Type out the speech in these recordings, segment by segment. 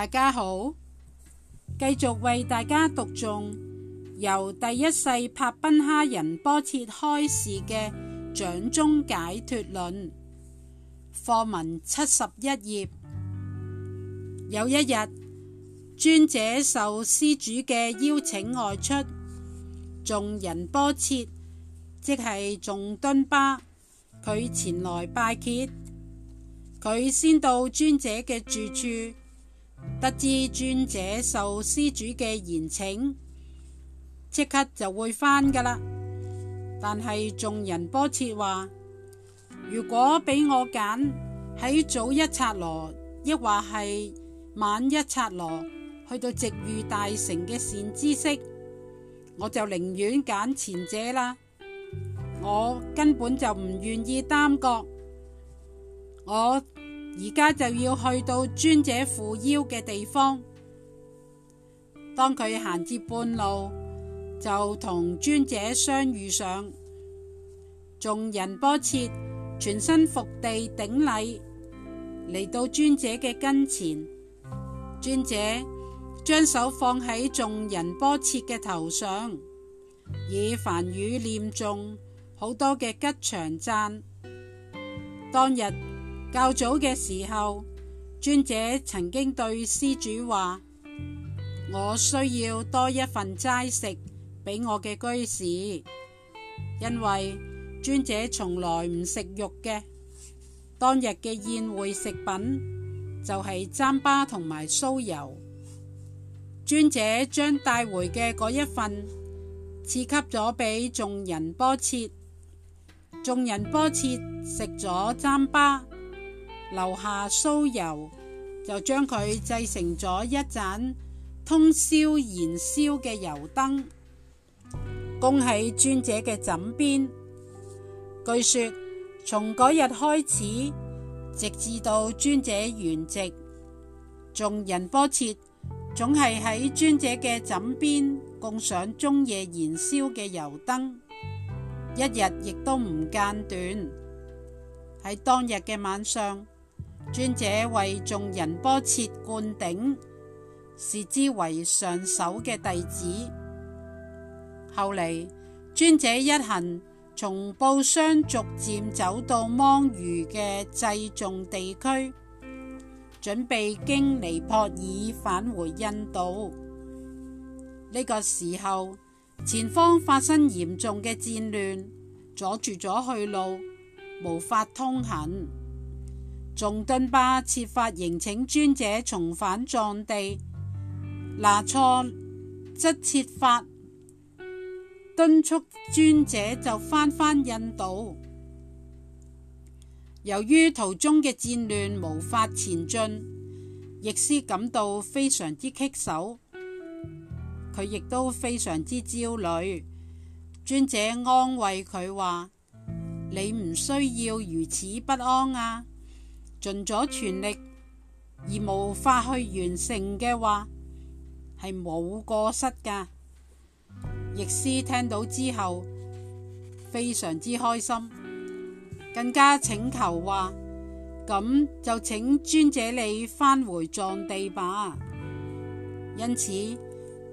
大家好，繼續為大家讀誦由第一世帕賓哈仁波切開示嘅《掌中解脫論》課文七十一頁。有一日，尊者受施主嘅邀請外出，仲仁波切即係仲敦巴，佢前來拜謁。佢先到尊者嘅住處。得知尊者受施主嘅言請，即刻就會翻噶啦。但係眾人波切話，如果俾我揀喺早一擦羅，抑或係晚一擦羅，去到直遇大成嘅善知識，我就寧願揀前者啦。我根本就唔願意耽擱我。而家就要去到尊者扶腰嘅地方，當佢行至半路，就同尊者相遇上，眾人波切全身伏地頂禮，嚟到尊者嘅跟前，尊者將手放喺眾人波切嘅頭上，以梵語念誦好多嘅吉祥讚，當日。較早嘅時候，尊者曾經對施主話：我需要多一份齋食俾我嘅居士，因為尊者從來唔食肉嘅。當日嘅宴會食品就係糌粑同埋酥油。尊者將帶回嘅嗰一份賜給咗俾眾人波切，眾人波切食咗糌粑。留下酥油，就將佢製成咗一盞通宵燃燒嘅油燈，供喺尊者嘅枕邊。據說從嗰日開始，直至到尊者圓寂，眾人波切總係喺尊者嘅枕邊供上中夜燃燒嘅油燈，一日亦都唔間斷。喺當日嘅晚上，尊者為眾仁波切灌頂，視之為上首嘅弟子。後嚟，尊者一行從布商逐漸走到芒域嘅制種地區，準備經尼泊爾返回印度。呢、這個時候，前方發生嚴重嘅戰亂，阻住咗去路，無法通行。仲敦巴設法迎請尊者重返藏地，拿錯則設法敦促尊者就返返印度。由於途中嘅戰亂，無法前進，亦係感到非常之棘手，佢亦都非常之焦慮。尊者安慰佢話：「你唔需要如此不安啊！」盡咗全力而無法去完成嘅話，係冇過失㗎。易斯聽到之後非常之開心，更加請求話：咁就請尊者你返回藏地吧。因此，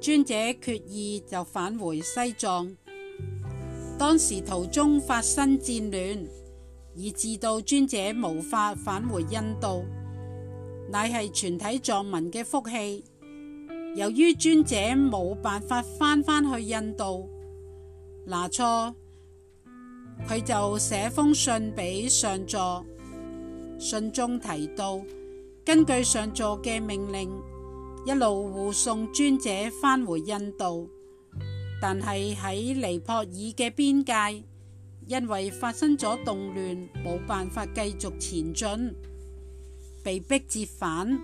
尊者決意就返回西藏。當時途中發生戰亂。以致到尊者無法返回印度，乃係全體藏民嘅福氣。由於尊者冇辦法翻返去印度，嗱錯，佢就寫封信俾上座，信中提到根據上座嘅命令，一路護送尊者返回印度，但係喺尼泊爾嘅邊界。因為發生咗動亂，冇辦法繼續前進，被逼折返。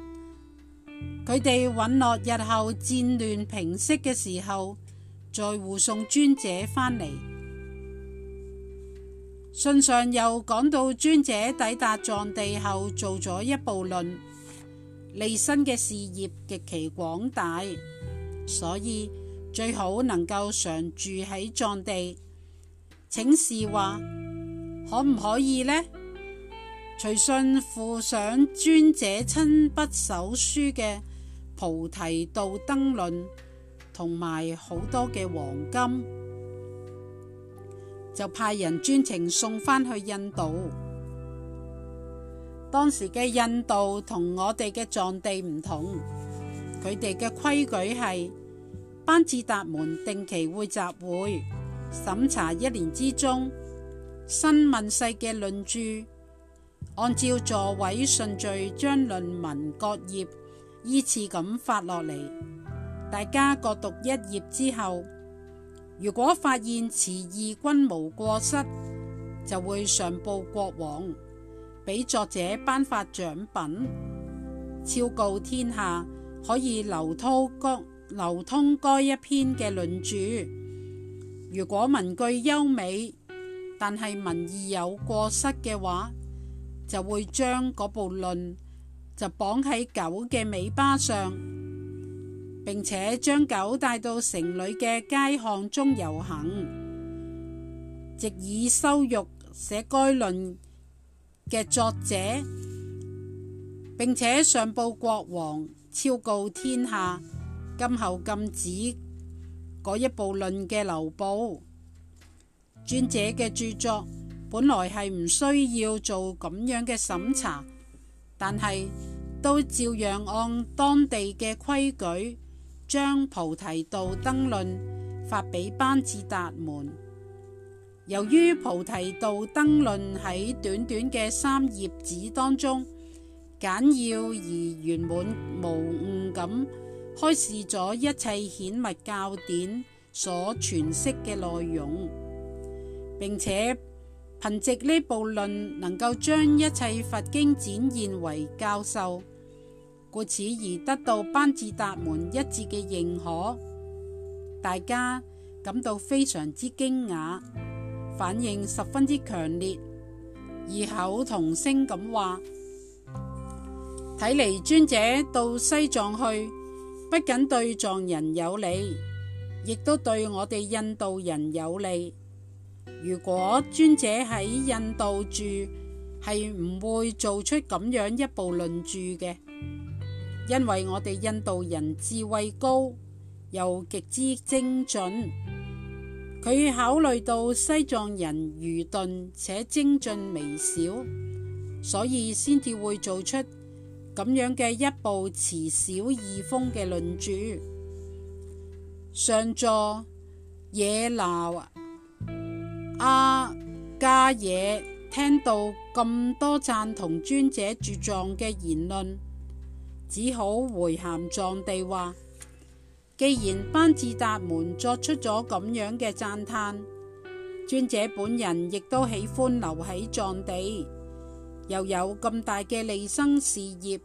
佢哋允諾日後戰亂平息嘅時候，再護送尊者返嚟。信上又講到尊者抵達藏地後做咗一部論，利身嘅事業極其廣大，所以最好能夠常住喺藏地。請示話可唔可以呢？隨信附上尊者親筆手書嘅《菩提道燈論》同埋好多嘅黃金，就派人專程送翻去印度。當時嘅印度同我哋嘅藏地唔同，佢哋嘅規矩係班智達們定期會集會。審查一年之中新問世嘅論著，按照座位順序將論文各頁依次咁發落嚟，大家各讀一頁之後，如果發現詞義均無過失，就會上報國王，俾作者頒發獎品，昭告天下，可以流通該流通該一篇嘅論著。如果文句優美，但係文意有過失嘅話，就會將嗰部論就綁喺狗嘅尾巴上，並且將狗帶到城裏嘅街巷中遊行，直以羞辱寫該論嘅作者，並且上報國王，昭告天下，今後禁止。嗰一部論嘅流布，撰者嘅著作本來係唔需要做咁樣嘅審查，但係都照樣按當地嘅規矩，將《菩提道燈論》發俾班智達們。由於《菩提道燈論》喺短短嘅三頁紙當中，簡要而圓滿無誤咁，開示咗一切顯密教典所詮釋嘅內容，並且憑借呢部論能夠將一切佛經展現為教授，故此而得到班智達們一致嘅認可。大家感到非常之驚訝，反應十分之強烈，異口同聲咁話：睇嚟尊者到西藏去。不僅對藏人有利，亦都對我哋印度人有利。如果尊者喺印度住，係唔會做出咁樣一部論著嘅，因為我哋印度人智慧高又極之精進，佢考慮到西藏人愚鈍且精進微小，所以先至會做出咁樣嘅一部持小易風嘅論著，上座野鬧啊！阿迦野聽到咁多讚同尊者駐藏嘅言論，只好回函藏地話：既然班智達們作出咗咁樣嘅讚嘆，尊者本人亦都喜歡留喺藏地。又有咁大嘅利生事業，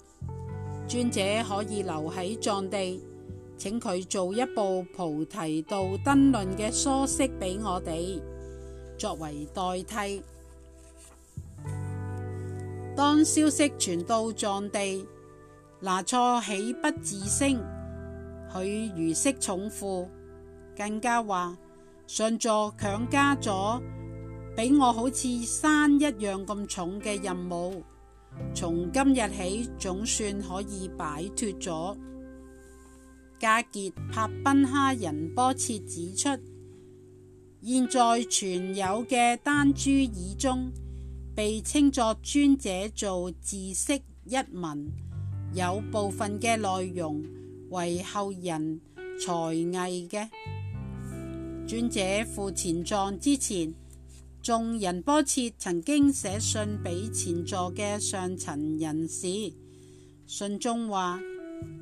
尊者可以留喺藏地，請佢做一部《菩提道燈論》嘅疏釋俾我哋，作為代替。當消息傳到藏地，拿錯喜不自勝，佢如釋重負，更加話上座強加咗。俾我好似山一樣咁重嘅任務，從今日起總算可以擺脱咗。加杰帕賓哈仁波切指出，現在存有嘅丹珠耳中，被稱作尊者做自釋一文，有部分嘅內容為後人才藝嘅尊者赴前葬之前。眾仁波切曾經寫信俾前藏嘅上層人士，信中話：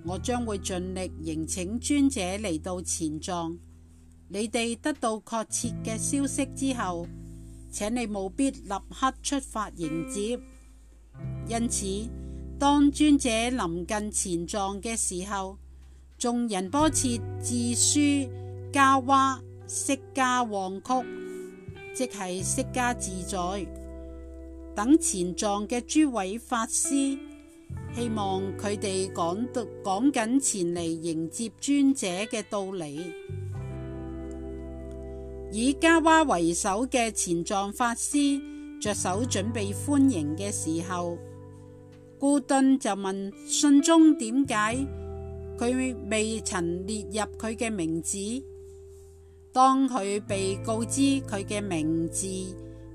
我將會盡力迎請尊者嚟到前藏。你哋得到確切嘅消息之後，請你務必立刻出發迎接。因此，當尊者臨近前藏嘅時候，眾仁波切致書加哇釋加旺曲。即係釋迦自在等前藏嘅諸位法師，希望佢哋趕都趕緊前嚟迎接尊者嘅到嚟。以加娃為首嘅前藏法師着手準備歡迎嘅時候，顧敦就問信中點解佢未曾列入佢嘅名字？當佢被告知佢嘅名字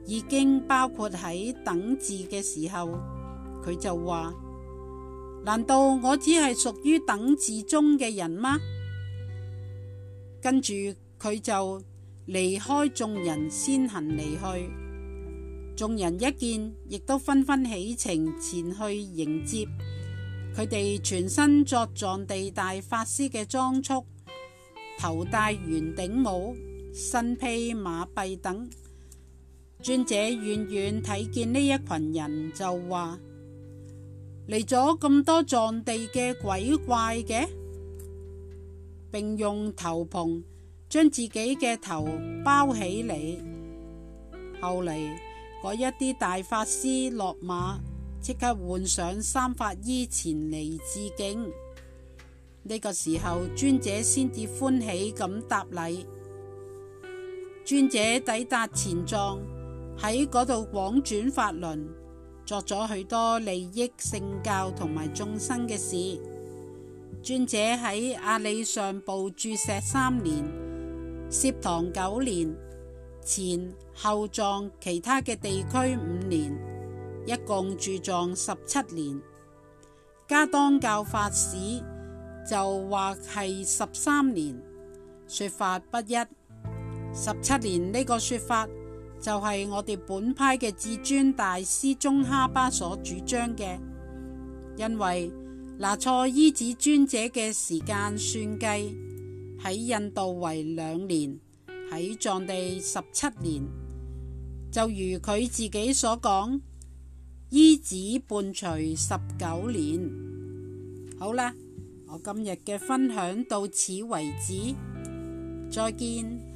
已經包括喺等字嘅時候，佢就話：難道我只係屬於等字中嘅人嗎？跟住佢就離開眾人，先行離去。眾人一見，亦都紛紛起程前去迎接佢哋，全身作狀地帶法師嘅裝束。頭戴圓頂帽，身披馬幣等，尊者遠遠睇見呢一群人就話：嚟咗咁多藏地嘅鬼怪嘅，並用頭篷將自己嘅頭包起嚟。後嚟嗰一啲大法師落馬，即刻換上三法衣前嚟致敬。呢個時候，尊者先至歡喜咁答禮。尊者抵達前藏，喺嗰度廣轉法輪，作咗許多利益聖教同埋眾生嘅事。尊者喺阿里上部住錫三年，聶塘九年，前後藏其他嘅地區五年，一共住藏十七年，加當教法使。就話係十三年，說法不一。十七年呢個說法就係我哋本派嘅至尊大師宗喀巴所主張嘅，因為拿錯依止尊者嘅時間算計喺印度為兩年，喺藏地十七年，就如佢自己所講，依止伴隨十九年。好啦。我今日嘅分享到此為止，再見。